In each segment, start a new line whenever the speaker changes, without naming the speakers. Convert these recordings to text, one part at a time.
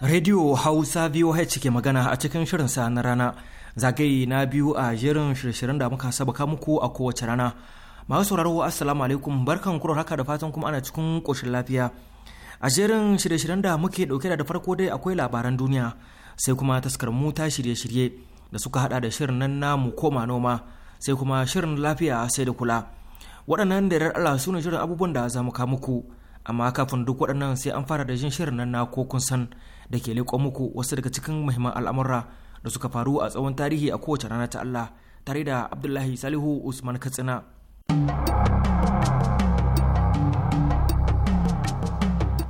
Radio Hausa VOH ke magana a cikin shirin sa na rana zagaye na biyu a jerin shirye-shiryen da muka sabaka muku a kowace rana. Masu sauraro assalamu alaikum barkan kuro haka da fatan kuma ana cikin koshin lafiya. A jerin shirye-shiryen da muke dauke da farko dai akwai labaran duniya sai kuma taskar mu ta shirye-shirye da suka hada da shirin nan mu koma noma sai kuma shirin lafiya sai da kula. Waɗannan da Allah su ne shirin abubuwan da za mu muku amma kafin duk waɗannan sai an fara da jin shirin nan na ko kun san da ke leƙo muku wasu daga cikin muhimman al'amura da suka faru a tsawon tarihi a kowace rana ta Allah tare da Abdullahi Salihu Usman Katsina.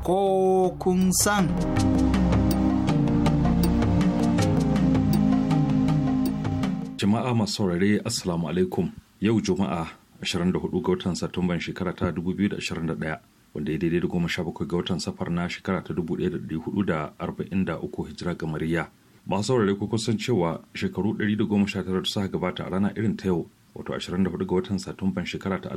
Ko kun san.
Jama'a masu saurare Assalamu alaikum yau Juma'a 24 ga watan Satumban shekara ta 2021 wanda ya daidai da goma sha bakwai ga watan safar na shekara ta dubu ɗaya da ɗari hudu da arba'in da uku hijira ga mariya masu saurare ko kusan cewa shekaru ɗari da goma sha tara da suka gabata a rana irin ta yau wato 24 ga watan satumban shekara ta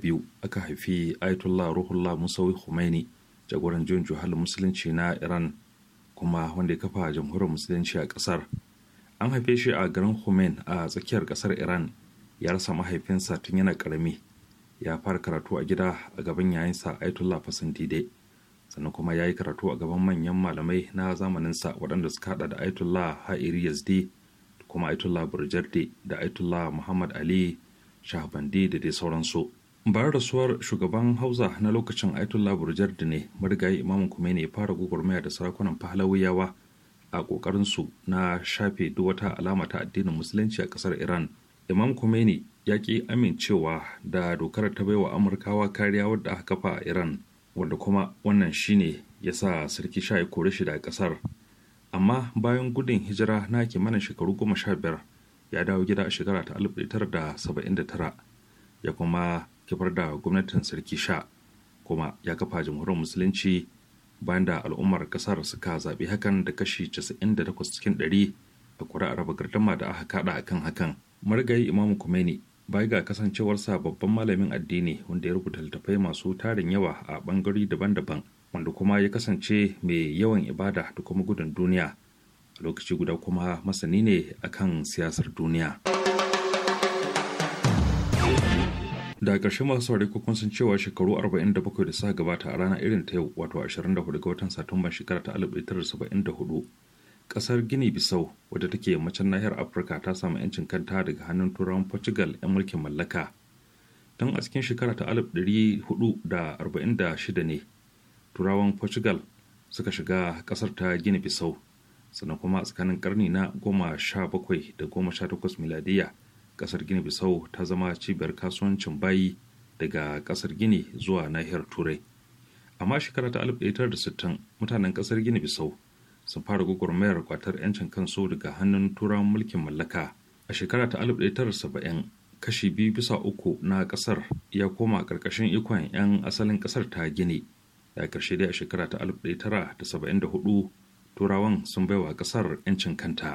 biyu aka haifi ayatollah ruhullah musawi khomeini jagoran juyin juhalin musulunci na iran kuma wanda ya kafa jamhuriyar musulunci a ƙasar an haife shi a garin humain a tsakiyar ƙasar iran ya rasa mahaifinsa tun yana ƙarami. ya fara karatu a gida a gaban yayinsa Aitullah Fasantide sannan kuma ya yi karatu a gaban manyan malamai na zamaninsa waɗanda suka haɗa da Aitullah Ha'iri Yazdi da kuma Aitullah Burjardi da Aitullah Muhammad Ali Shahbandi da dai sauransu. Bayan rasuwar shugaban Hausa na lokacin Aitullah Burjardi ne marigayi Imam Khomeini ya fara gugurmaya da sarakunan Pahlawiyawa a ƙoƙarinsu na shafe duk wata alama ta addinin Musulunci a ƙasar Iran. imam khomeini ya ƙi amincewa da dokar ta baiwa amurkawa kariya wadda aka kafa a iran wadda kuma wannan shine ya sa sarki sha ya kore shi daga ƙasar amma bayan gudun hijira na kimanin shekaru goma sha biyar ya dawo gida a shekara ta 1979 ya kuma kifar da gwamnatin sarki sha kuma ya kafa jamhuriyar musulunci bayan da al'ummar kasar suka zaɓi hakan da kashi casa'in da takwas cikin ɗari a kuri'ar raba gardama da aka kada akan hakan margayi imam kumeni bai ga kasancewarsa babban malamin addini wanda ya rubuta littattafai masu tarin yawa a bangare daban-daban wanda kuma ya kasance mai yawan ibada da kuma gudun duniya a lokaci guda kuma masani ne akan siyasar duniya da ƙarshe masu saurari kukun sun cewa shekaru 47 da suka gabata a rana irin ta yau wato 24 ga watan Satumba shekara ta 1974 kasar gini bisau wadda take yammacin nahiyar afirka ta samu 'yancin kanta daga hannun turawan portugal 'yan mulkin mallaka tun a cikin shekara ta 1446 ne turawan portugal suka shiga kasar ta gini bisau sannan kuma a tsakanin karni na 17 da 18 miladiya kasar gini bisau ta zama cibiyar kasuwancin bayi daga kasar gini zuwa nahiyar turai amma shekara ta 1960 mutanen kasar gini bisau su fara gwagwarmayar kwatar 'yancin kansu daga hannun turawan mulkin mallaka a shekara ta 1970 kashi biyu bisa uku na kasar ya koma ƙarƙashin ikon 'yan asalin kasar ta gini da ƙarshe dai a shekara ta 1974 turawan sun baiwa kasar 'yancin kanta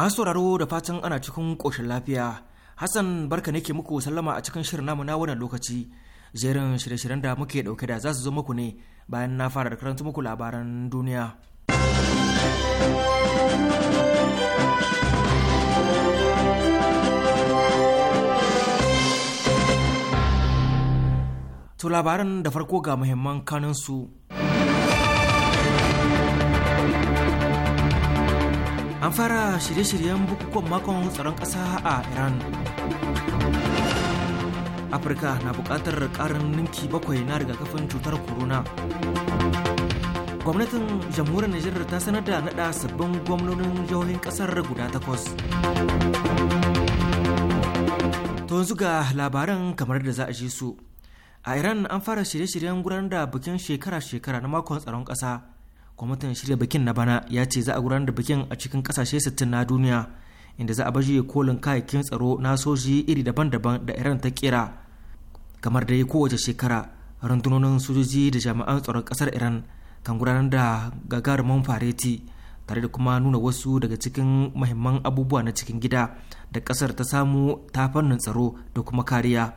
masu sauraro da fatan ana cikin koshin lafiya hassan barka ne ke muku sallama a cikin shirin namu na wannan lokaci jerin shirye-shiryen da muke ɗauke da za su zo muku ne bayan na fara da karanta muku labaran duniya to labaran da farko ga muhimman kanunsu an fara shirye-shiryen bukukuwan makon tsaron ƙasa a iran afirka na buƙatar ƙarin ninki bakwai na rigakafin cutar corona gwamnatin jamhuriyar nijar ta sanar da naɗa sabbin gwamnonin jihohin ƙasar guda takwas to yanzu ga labaran kamar da za a ji su a iran an fara shirye-shiryen gudanar da bikin shekara-shekara na makon tsaron ƙasa kwamitin shirya bikin na bana ya ce za a gudanar da bikin a cikin kasashe 60 na duniya inda za a baje kolin kayayyakin tsaro na soji iri daban-daban da iran ta kera kamar dai kowace shekara rundunonin sojoji da jami'an tsaron kasar iran kan gudanar da gagarumin fareti tare da kuma nuna wasu daga cikin mahimman abubuwa na cikin gida da kasar ta samu ta fannin tsaro da kuma kariya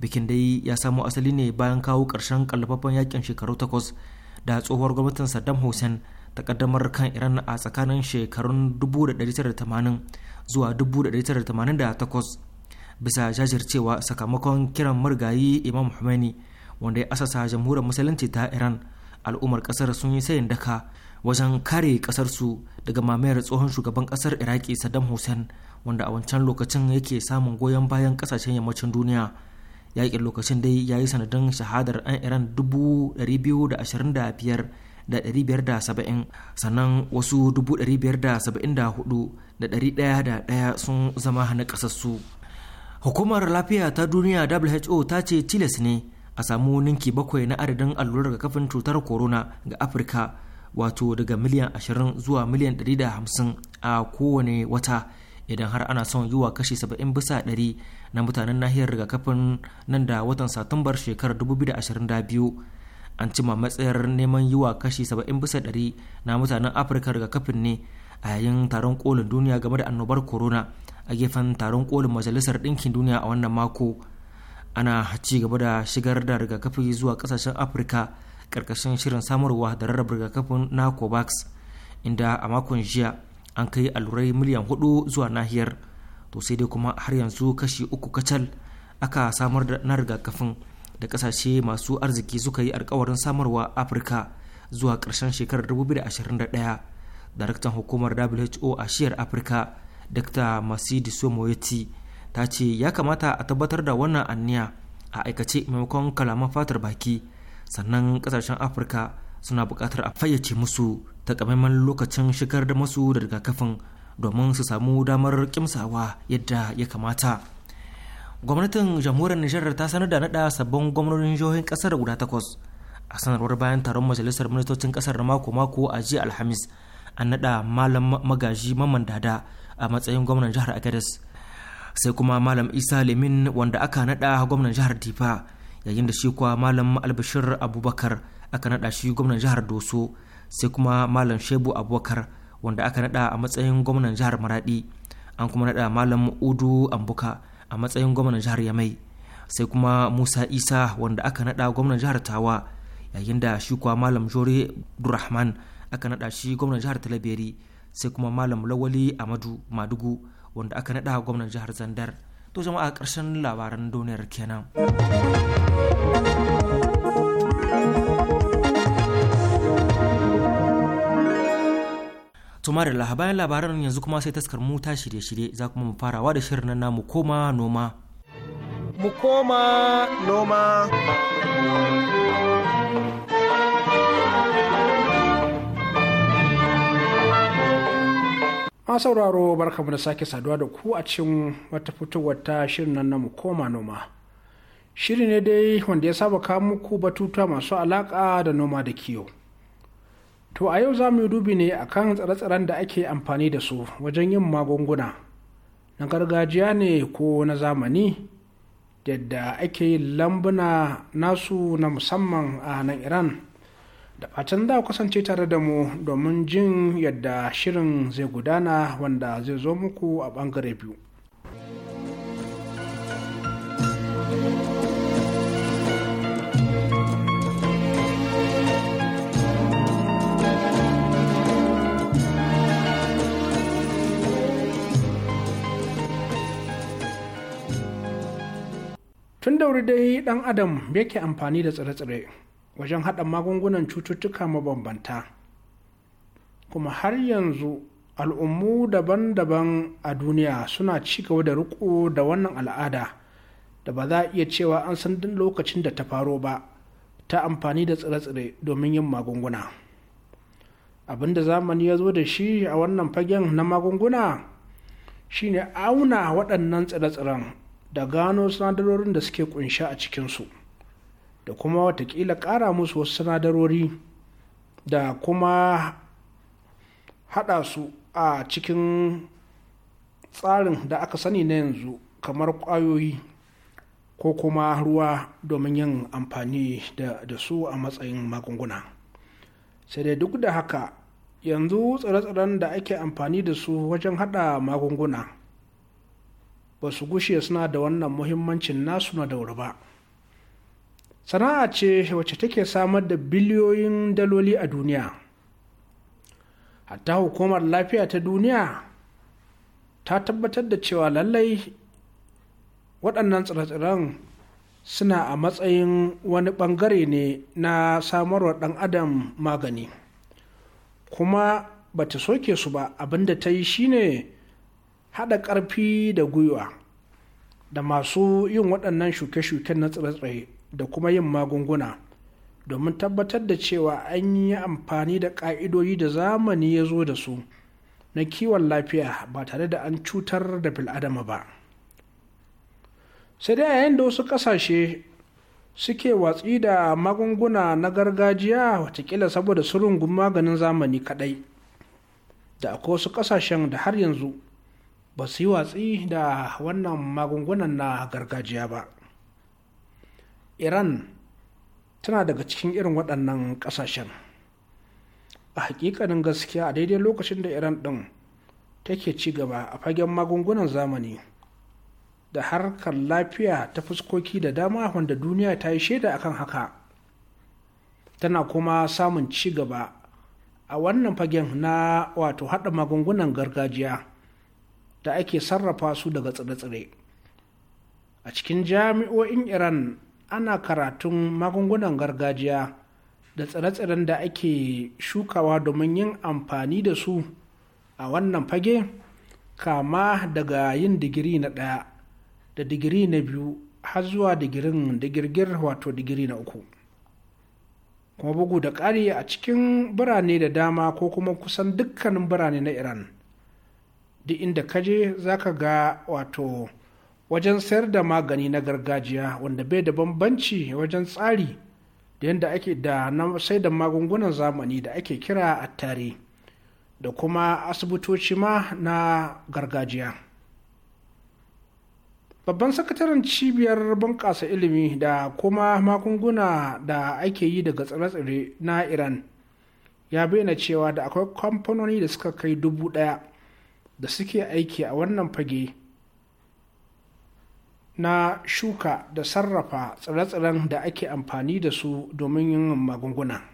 bikin dai ya samo asali ne bayan kawo ƙarshen kallafafan yakin shekaru takwas da tsohuwar gwamnatin saddam hussein ta kaddamar kan iran a tsakanin shekarun 1980 zuwa 1988 bisa jajircewa sakamakon kiran marigayi imam Khomeini wanda ya asasa jamhuriyar musulunci ta iran al'ummar kasar sun yi sayin daka wajen kare su daga mamayar tsohon shugaban kasar iraki saddam hussein wanda a wancan lokacin yake samun goyon bayan kasashen yammacin duniya yakin lokacin dai ya yi sanadin shahadar 'yan iran 225,570 sannan wasu 574,101 sun zama hana kasassu hukumar lafiya ta duniya who ta ce tilas ne a samu ninki bakwai na adadin allurar kafin cutar corona ga afirka wato daga miliyan 20 zuwa miliyan 150 a kowane wata idan har ana son yiwa kashi 70 bisa 100 na mutanen nahiyar rigakafin nan da watan satumbar shekarar 2022 an cima matsayar neman yiwa kashi 70 bisa 100 na mutanen afirka rigakafin ne a yayin taron kolin duniya game da annobar corona a gefen taron kolin majalisar ɗinkin duniya a wannan mako ana ci gaba da shigar da rigakafi zuwa kasashen afirka karkashin shirin samarwa da rarraba rigakafin na covax inda a makon jiya an kai alurai miliyan hudu zuwa nahiyar to sai dai kuma har yanzu kashi uku kacal aka samar da na rigakafin da kasashe masu arziki suka yi alkawarin samarwa afirka zuwa ƙarshen shekarar 2021 daraktan hukumar who a shiyar afirka dr masidi somoyeti ta ce ya kamata a tabbatar da wannan anniya a aikace maimakon kalaman fatar baki sannan kasashen afirka suna buƙatar a fayyace musu takamaiman lokacin shigar da masu da rigakafin domin su samu damar kimsawa yadda ya kamata gwamnatin jamhuriyar nijar ta sanar da naɗa sabbin gwamnonin jihohin kasar guda takwas a sanarwar bayan taron majalisar ministocin ƙasar na mako-mako a jiya alhamis an naɗa malam magaji mamman dada a matsayin gwamnan jihar agadez sai kuma malam isa lemin wanda aka naɗa gwamnan jihar difa yayin da shi kuwa malam albashir abubakar aka naɗa shi gwamnan jihar doso sai kuma malam shebu abubakar wanda aka naɗa a matsayin gwamnan jihar maradi an kuma naɗa malam udu ambuka a matsayin gwamnan jihar yamai sai kuma musa isa wanda aka naɗa gwamnan jihar tawa yayin da shi kuwa malam jore durrahman aka naɗa shi gwamnan jihar talabiri sai kuma malam lawali amadu madugu wanda aka naɗa gwamnan jihar zandar to jama'a ƙarshen labaran duniyar kenan da bayan labaran yanzu kuma sai taskar mu ta shirye-shirye za kuma mu farawa da shirin na mu koma noma
mu koma noma
ma sauraro barka da sake saduwa da ku a cikin wata fitowar ta shirin na mu koma noma shiri ne dai wanda ya saba kawo muku batutuwa masu alaka da noma da kiwo To a yau za mu yi dubi ne a kan tsare-tsaren da ake amfani da su wajen yin magunguna na gargajiya ne ko na zamani yadda ake yin lambuna nasu na musamman a nan Iran. Da fatan za kasance tare da mu domin jin yadda shirin zai gudana wanda zai zo muku a bangare biyu. ɗauri dai ɗan adam yake amfani da tsire-tsire wajen haɗa magungunan cututtuka mabambanta kuma har yanzu al'ummu daban-daban a duniya suna ci gaba da riko da wannan al'ada da ba za a iya cewa an san lokacin da ta faro ba ta amfani da tsire-tsire domin yin magunguna abin da zamani ya zo da shi a wannan fagen na magunguna shine auna waɗannan tsire-tsiren da gano sinadarorin da suke kunshe a cikinsu da kuma watakila kara musu wasu sinadarori da kuma hada su a cikin tsarin da aka sani na yanzu kamar kwayoyi ko kuma ruwa domin yin amfani da su a matsayin magunguna sai dai duk da haka yanzu tsare-tsaren da ake amfani da su wajen hada magunguna ba su gushe suna da wannan muhimmancin nasu na dauri ba sana'a ce wacce take samar da biliyoyin daloli a duniya hatta hukumar lafiya ta duniya ta tabbatar da cewa lallai waɗannan tsire-tsiren suna a matsayin wani ɓangare ne na samarwa ɗan adam magani kuma ba ta soke su ba abinda ta yi shine haɗa ƙarfi da gwiwa da masu yin waɗannan shuke-shuken na tsire-tsire da kuma yin magunguna domin tabbatar da cewa an yi amfani da ƙa'idoyi da zamani ya zo da su na kiwon lafiya ba tare da an cutar da filadama ba sai dai a yayin da wasu ƙasashe suke watsi da magunguna na gargajiya watakila saboda surungun maganin zamani kaɗai da akwai wasu ƙasashen da har yanzu ba su yi watsi da wannan magungunan na gargajiya ba iran tana daga cikin irin waɗannan ƙasashen a hakikanin gaskiya a daidai lokacin da iran ɗin take ci gaba a fagen magungunan zamani da harkar lafiya ta fuskoki da dama wanda duniya ta yi shaida akan haka tana kuma samun ci gaba a wannan fagen na wato haɗa magungunan gargajiya da ake sarrafa su daga tsire-tsire a cikin jami'o'in iran ana karatun magungunan gargajiya da tsire-tsiren da ake shukawa domin yin amfani da su a wannan fage kama daga yin digiri na ɗaya da digiri na biyu har zuwa digirin da girgir wato digiri na uku kuma bugu da ƙari a cikin birane da dama ko kuma kusan dukkanin birane na iran duk inda ka je za ka ga wato wajen sayar da magani na gargajiya wanda bai da bambanci wajen tsari da yadda ake da na sai da magungunan zamani da ake kira a tare da kuma asibitoci ma na gargajiya babban sakataren cibiyar bunƙasa ilimi da kuma magunguna da ake yi daga tsire tsare na iran ya bayyana cewa da akwai kamfanoni da suka kai dubu ɗaya da suke aiki a wannan fage na shuka da sarrafa tsire-tsiren da ake amfani da su domin yin magunguna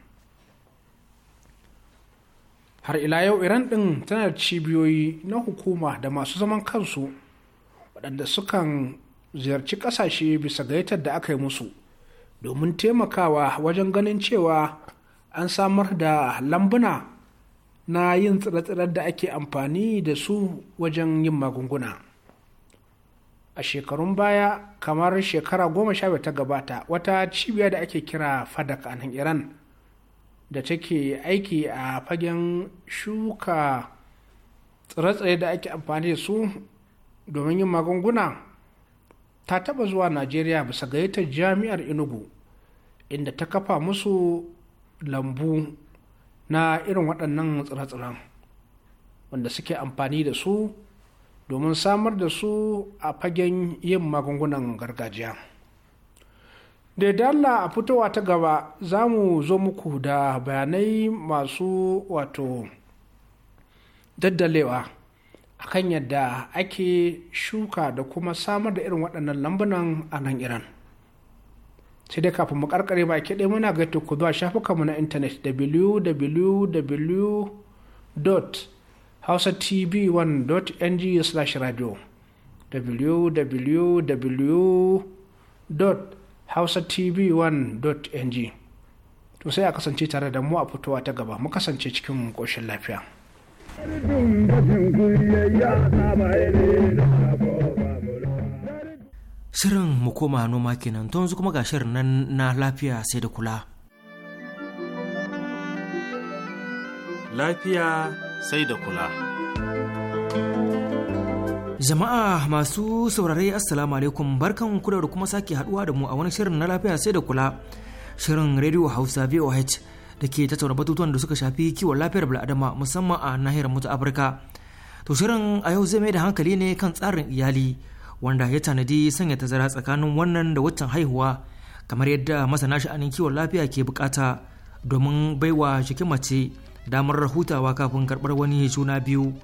har ila yau iran ɗin tana da cibiyoyi na hukuma da masu zaman kansu waɗanda sukan ziyarci ƙasashe bisa gaitar da aka yi musu domin taimakawa wajen ganin cewa an samar da lambuna na yin tsire-tsiren da ake amfani da su wajen yin magunguna a shekarun baya kamar shekara goma sha ta gabata wata cibiya da ake kira fadak a nan iran da take aiki a fagen shuka tsire-tsire da ake amfani da su domin yin magunguna ta taba zuwa najeriya bisa gayyatar jami'ar inugu inda ta kafa musu lambu na irin waɗannan tsire-tsiren wanda suke amfani da su domin samar da su a fagen yin magungunan gargajiya da dalla a fitowa ta gaba za mu zo muku da bayanai masu wato daddalewa akan yadda ake shuka da kuma samar da irin waɗannan lambunan a nan iran sai dai kafin mu karkare ba ke ɗaya muna ga ku zuwa shafukanmu na intanet www.hausatv1.ng/radio www.hausatv1.ng to sai a kasance tare da mu a fitowa ta gaba mu kasance cikin ƙoshin lafiya.
ya
Shirin mu koma noma kenan to kuma ga shirin nan na lafiya sai da kula.
Lafiya sai da kula.
Jama'a masu saurare Assalamu alaikum barkan ku da kuma sake haduwa da mu a wani shirin na lafiya sai da kula. Shirin Radio Hausa VOH da ke tattauna batutuwan da suka shafi kiwon lafiyar bil'adama musamman a nahiyar mutu Afirka. To shirin a yau zai mai da hankali ne kan tsarin iyali. wanda ya tanadi sanya tazara tsakanin wannan da waccan haihuwa kamar yadda masana sha'anin kiwon lafiya ke bukata domin baiwa jikin mace damar hutawa kafin karbar wani juna biyu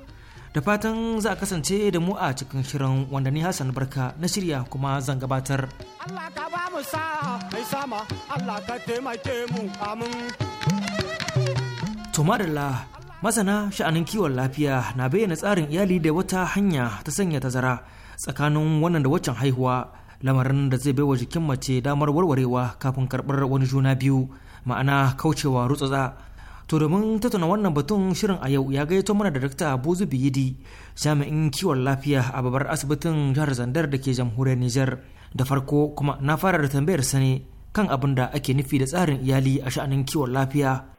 da fatan za a kasance da mu a cikin shirin wanda ni hassan barka na shirya kuma zan gabatar allah masana sha'anin kiwon lafiya na bayyana tsarin iyali da wata hanya ta sanya tazara tsakanin wannan da waccan haihuwa lamarin da zai baiwa jikin mace damar warwarewa kafin karɓar wani juna biyu ma'ana kaucewa rutsutsa to domin tattauna wannan batun shirin a yau ya gayyato mana da dakta bozu biyidi jami'in kiwon lafiya a babbar asibitin jihar zandar da ke jamhuriyar nijar da farko kuma na fara da tambayar sani kan abin da ake nufi da tsarin iyali a sha'anin kiwon lafiya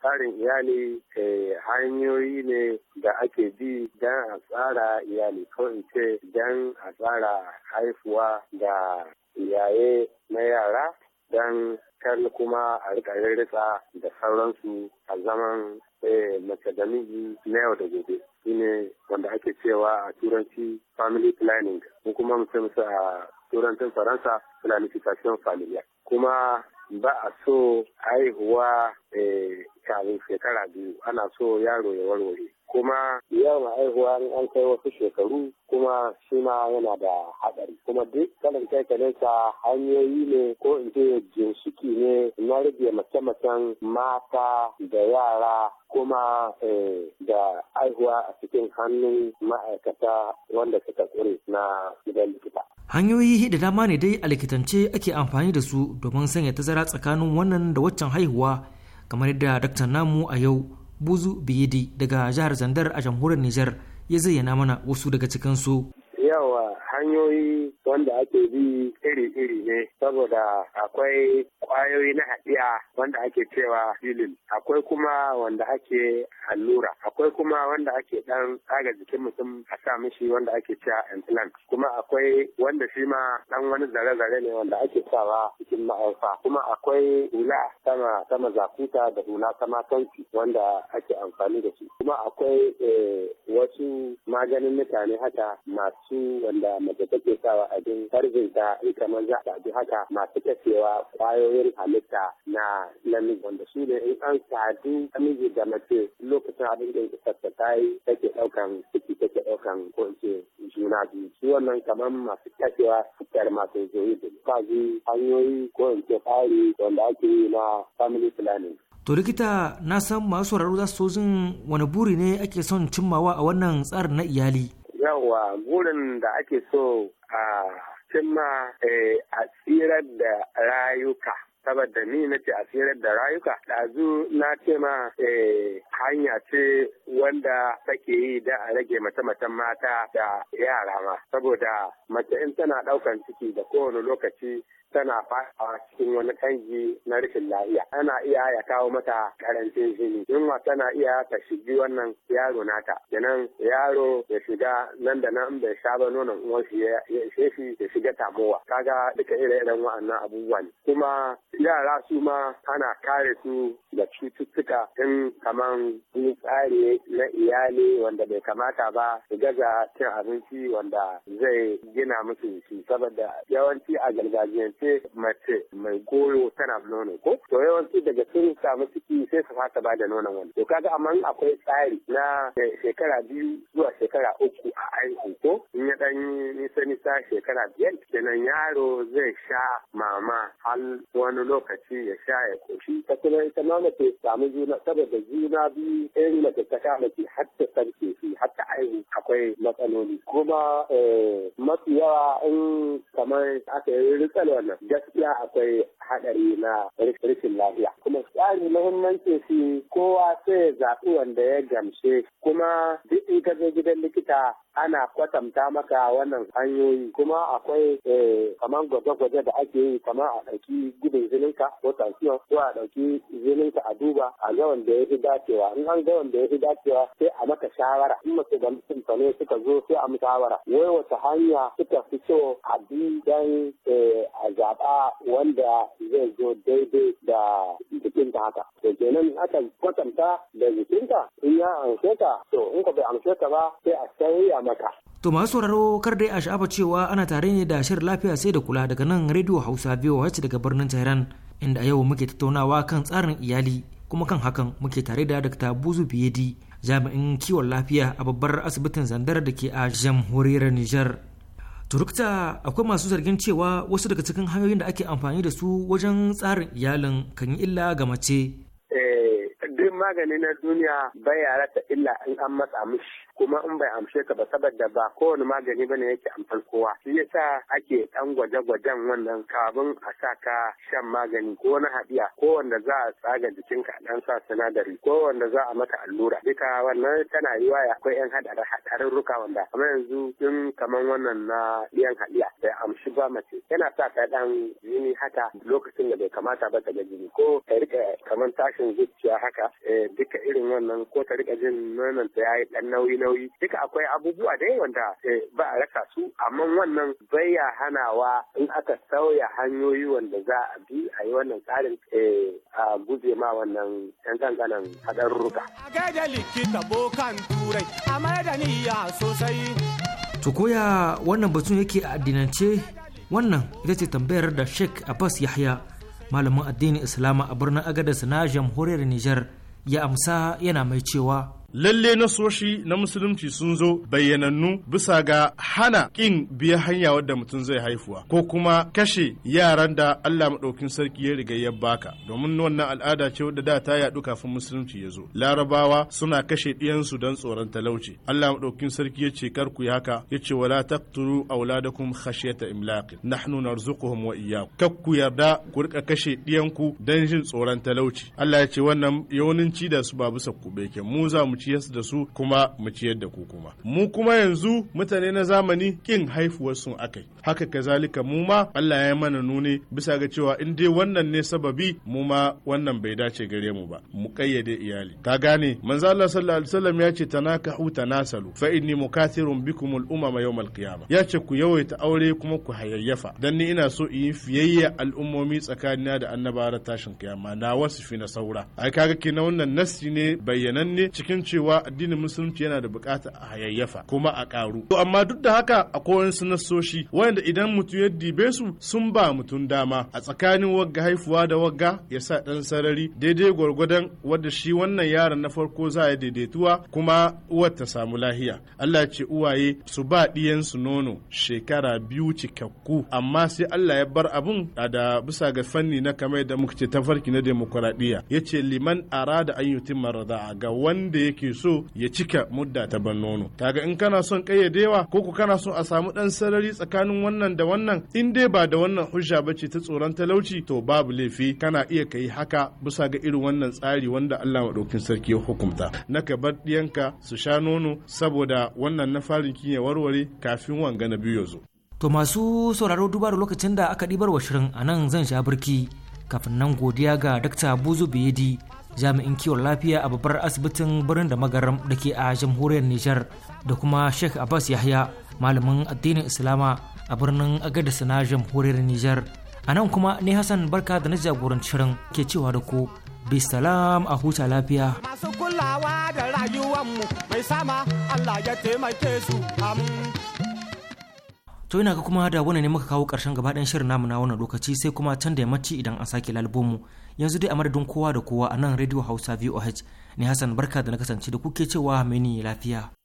tsarin iyali eh, hanyoyi ne da ake bi don a tsara iyali ko in ce don a tsara haifuwa da yaye na yara don kar kuma a rika rarrika da sauransu a zaman eh, mace da miji na yau da gobe shine wanda ake cewa a turanci family planning ko kuma mutum a turancin faransa planification familia kuma ba a so haihuwa eh, kafin shekara biyu ana so yaro ya warware kuma yawan haihuwa an kai wasu shekaru kuma shi ma yana da haɗari kuma duk kalan kanensa hanyoyi ne ko in ce ginshiki ne na rage mace-macen mata da yara kuma eh, da aihuwa a cikin hannun ma'aikata wanda suka tsure na gidan likita.
Hanyoyi da dama ne dai a likitance ake amfani da su domin sanya tazara tsakanin wannan da waccan haihuwa kamar yadda daktar namu a yau buzu biyidi daga jihar zandar a jamhuriyar nijar ya zayyana mana wasu daga cikinsu
yawa hanyoyi wanda ake bi iri-iri ne saboda akwai kwayoyi na haɗiya wanda ake cewa filin akwai kuma wanda ake allura akwai kuma wanda ake ɗan tsaga jikin mutum a sa mishi wanda ake cewa implant kuma akwai wanda shi ma ɗan wani zare-zare ne wanda ake sawa cikin ma'aifa kuma akwai hula sama sama zakuta da hula sama tanki wanda ake amfani da su kuma akwai eh, wasu maganin mutane haka masu su wanda mace take sawa a abin ta ita man za ji haka masu kasewa kwayoyin halitta na namiji wanda su ne in an sadu namiji da mace lokacin abin da ya ta yi take ɗaukan ciki take ɗaukan ko juna biyu su wannan kamar masu kasewa fitar masu zoyi da kwazi hanyoyi ko in ce tsari wanda ake yi na family planning
To likita na san masu sauraro za su wani buri ne ake son cimmawa a wannan tsarin na iyali.
yawa gurin da ake so a cimma eh, a tsirar da rayuka saboda ni na ce a tsirar da rayuka ɗazu na ce ma eh, hanya ce wanda take yi da a rage mace-macen mata da yara ma saboda mace in tana ɗaukan ciki da kowane lokaci tana fadawa cikin wani kangi na rikin lafiya ana iya ya kawo mata karancin jini yunwa tana iya ta shigi wannan yaro nata kenan yaro ya shiga nan da nan bai sha ba nonon wasu shi ya ishe shi ya shiga tamowa kaga duka ire-iren wa'annan abubuwa ne kuma yara su ma ana kare su da cututtuka in kaman tsari na iyali wanda bai kamata ba su gaza cin abinci wanda zai gina musu jiki saboda yawanci a gargajiyance ce mace mai goyo tana nono ko to yawanci daga sun samu ciki sai su fasa ba da nonon wani to kaga amma akwai tsari na shekara biyu zuwa shekara uku a aihu ko in ya dan nisa nisa shekara biyar kenan yaro zai sha mama har wani lokaci ya sha ya koshi ta kuma ita ma mace samu juna saboda juna biyu in mace ta kama mace har ta sarke shi har ta aihu akwai matsaloli kuma eh, mafi yawa in kamar aka yi rikalwa wannan gaskiya akwai haɗari na rikin lafiya kuma tsari mahimmanci shi kowa sai ya zaɓi wanda ya gamshe kuma duk in ka gidan likita ana kwatanta maka wannan hanyoyi kuma akwai eh, kamar gwaje-gwaje da ake yi kamar a ɗauki gudun zininka ko tansiyon ko a ɗauki zininka a duba a yawan wanda ya fi dacewa in an ga wanda ya fi dacewa sai a maka shawara in mace da mutunta ne suka zo sai a maka shawara wai wata hanya suka fi so a bi dan eh, a zaɓa wanda zai zo daidai da jikinta haka to kenan aka kwatanta da jikinta in ya amshe ka to in ka bai amshe ka ba sai a a. maka.
To masu sauraro kar dai a sha'afa cewa ana tare ne da shirin lafiya sai da kula daga nan rediyo Hausa VOH daga birnin Tehran inda a yau muke tattaunawa kan tsarin iyali kuma kan hakan muke tare da Dr. Buzu Biyedi jami'in kiwon lafiya a babbar asibitin Zandar da ke a jamhuriyar Nijar. Turukta akwai masu zargin cewa wasu daga cikin hanyoyin da ake amfani da su wajen tsarin iyalin kan yi illa ga mace.
Eh, duk magani na duniya bai ta illa in an matsa mishi. kuma in bai amshe ka ba saboda ba kowane magani bane yake amfan kowa shi yasa ake dan gwaje-gwajen wannan kabin a sa ka shan magani ko na hadiya ko wanda za a tsaga jikinka a dan sa sinadari ko wanda za a mata allura duka wannan tana yiwa akwai yan hadarin ruka wanda kamar yanzu tun kaman wannan na yan hadiya bai amshi ba mace yana sa ka dan yini haka lokacin da bai kamata ba ta ga jini ko ta rika kaman tashin zuciya haka eh, duka irin wannan ko ta rika jin nonon ta yayi dan nauyi na nauyi duka akwai abubuwa dai wanda eh, ba a raka su amma wannan baya hanawa in aka sauya hanyoyi wanda za a bi a yi wannan tsarin eh, a guje ma wannan yan kankanan haɗarurruka.
A
To wannan batun yake a addinance wannan ita ce tambayar da Sheikh Abbas Yahya malamin addinin Islama a birnin agadas na jamhuriyar Nijar ya amsa yana mai
cewa Lalle nasoshi na musulunci sun zo bayyanannu bisa ga hana ƙin biya hanya wadda mutum zai haifuwa ko kuma kashe yaran da Allah maɗaukin sarki ya riga ya baka domin wannan al'ada ce wadda da ta yaɗu kafin musulunci ya zo. Larabawa suna kashe ɗiyansu don tsoron talauci. Allah maɗaukin sarki ya ce kar ku yi haka ya ce wala taqtulu auladakum khashyata imlaqin nahnu narzuquhum wa iyyakum kak ku yarda ku rika kashe ɗiyanku don jin tsoron talauci. Allah ya ce wannan yawanci da su ba bisa ku ke mu za mu ciyar da su kuma mu ciyar da ku kuma mu kuma yanzu mutane na zamani kin haifuwarsu akai haka kazalika mu ma Allah ya mana nuni bisa ga cewa in dai wannan ne sababi mu ma wannan bai dace gare mu ba mu kayyade iyali ka gane manzo Allah sallallahu alaihi wasallam ya ce tanakahu tanasalu fa inni mukathirun bikum al umam yawm al qiyamah ya ce ku yawaita aure kuma ku hayayyafa dan ni ina so in yi fiyayya al'ummomi tsakanina da annabawa tashin kiyama na wasu fi na saura ai kaga kenan wannan nasi ne bayyananne cikin cewa addinin musulunci yana da bukata a hayayyafa kuma a karu to amma duk da haka akwai wasu nassoshi wanda idan mutum ya dibe su sun ba mutum dama a tsakanin wagga haifuwa da wagga ya sa dan sarari daidai gwargwadon wadda shi wannan yaron na farko za ya daidaituwa kuma uwar ta samu lahiya Allah ce uwaye su ba ɗiyansu nono shekara biyu cikakku amma sai Allah ya bar abun da bisa ga fanni na kamar da muka ce tafarki na demokuraɗiyya ya ce liman arada an tun maraza ga wanda ya yake so ya cika mudda ta ban nono kaga in kana son kayyadewa ko ku kana son a samu dan sarari tsakanin wannan da wannan in dai ba da wannan hujja bace ta tsoron talauci to babu laifi kana iya kai haka bisa ga irin wannan tsari wanda Allah madaukin sarki ya hukunta na ka bar diyanka su sha nono saboda wannan na farin kin ya warware kafin wanga na biyu ya zo
to masu sauraro duba da lokacin da aka ɗibar wa shirin a nan zan sha birki kafin nan godiya ga Dr. Buzu Biyedi jami'in kiwon lafiya a babbar asibitin birnin da magaram da ke a jamhuriyar Nijar da kuma Sheikh Abbas Yahya malamin addinin Islama a birnin Agadis na jamhuriyar Nijar. A nan kuma ne Hassan barka da na shirin ke cewa da ku bisalam a huta lafiya.
Masu kulawa da rayuwanmu mai sama Allah ya taimake su
to ina ga kuma da wani ne muka kawo karshen gaba ɗayan shirin namu na wannan lokaci sai kuma can da yammaci idan an sake lalbomu yanzu dai a madadin kowa da kowa a nan radio hausa voh ne hassan barka da na kasance da kuke cewa mini lafiya